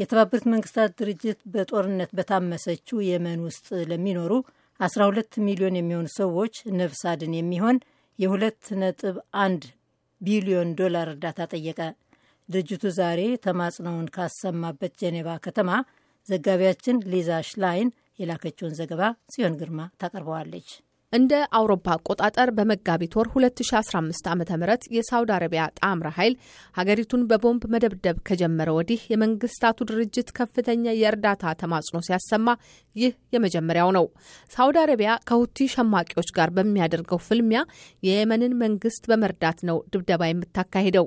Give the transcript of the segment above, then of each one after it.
የተባበሩት መንግስታት ድርጅት በጦርነት በታመሰችው የመን ውስጥ ለሚኖሩ 12 ሚሊዮን የሚሆኑ ሰዎች ነፍስ አድን የሚሆን የ2.1 ቢሊዮን ዶላር እርዳታ ጠየቀ። ድርጅቱ ዛሬ ተማጽኖውን ካሰማበት ጄኔቫ ከተማ ዘጋቢያችን ሊዛ ሽላይን የላከችውን ዘገባ ጽዮን ግርማ ታቀርበዋለች። እንደ አውሮፓ አቆጣጠር በመጋቢት ወር 2015 ዓ ም የሳውዲ አረቢያ ጣምራ ኃይል ሀገሪቱን በቦምብ መደብደብ ከጀመረ ወዲህ የመንግስታቱ ድርጅት ከፍተኛ የእርዳታ ተማጽኖ ሲያሰማ ይህ የመጀመሪያው ነው። ሳውዲ አረቢያ ከሁቲ ሸማቂዎች ጋር በሚያደርገው ፍልሚያ የየመንን መንግስት በመርዳት ነው ድብደባ የምታካሂደው።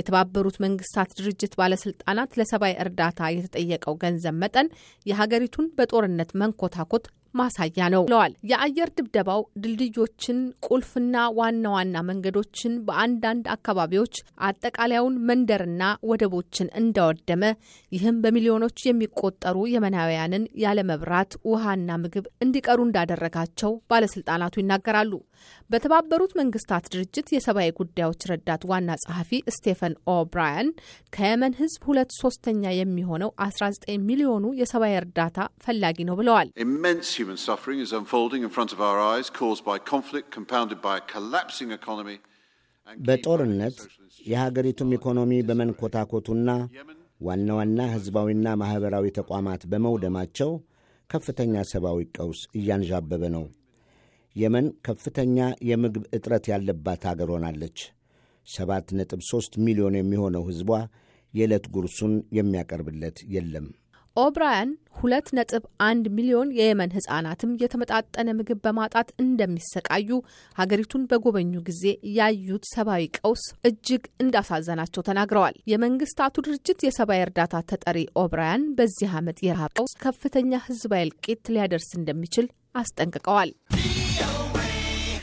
የተባበሩት መንግስታት ድርጅት ባለስልጣናት ለሰብአዊ እርዳታ የተጠየቀው ገንዘብ መጠን የሀገሪቱን በጦርነት መንኮታኮት ማሳያ ነው ብለዋል። የአየር ድብደባው ድልድዮችን፣ ቁልፍና ዋና ዋና መንገዶችን፣ በአንዳንድ አካባቢዎች አጠቃላዩን መንደርና ወደቦችን እንዳወደመ ይህም በሚሊዮኖች የሚቆጠሩ የመናውያንን ያለመብራት ውሃና ምግብ እንዲቀሩ እንዳደረጋቸው ባለስልጣናቱ ይናገራሉ። በተባበሩት መንግስታት ድርጅት የሰብአዊ ጉዳዮች ረዳት ዋና ጸሐፊ ስቴፈን ኦብራያን ከየመን ህዝብ ሁለት ሶስተኛ የሚሆነው 19 ሚሊዮኑ የሰብአዊ እርዳታ ፈላጊ ነው ብለዋል። በጦርነት የሀገሪቱም ኢኮኖሚ በመንኮታኮቱና ዋና ዋና ህዝባዊና ማኅበራዊ ተቋማት በመውደማቸው ከፍተኛ ሰብአዊ ቀውስ እያንዣበበ ነው። የመን ከፍተኛ የምግብ እጥረት ያለባት አገር ሆናለች። 7.3 ሚሊዮን የሚሆነው ሕዝቧ የዕለት ጉርሱን የሚያቀርብለት የለም። ኦብራያን 2.1 ሚሊዮን የየመን ሕፃናትም የተመጣጠነ ምግብ በማጣት እንደሚሰቃዩ ሀገሪቱን በጎበኙ ጊዜ ያዩት ሰብአዊ ቀውስ እጅግ እንዳሳዘናቸው ተናግረዋል። የመንግስታቱ ድርጅት የሰብአዊ እርዳታ ተጠሪ ኦብራያን በዚህ ዓመት የረሃብ ቀውስ ከፍተኛ ህዝባዊ እልቂት ሊያደርስ እንደሚችል አስጠንቅቀዋል።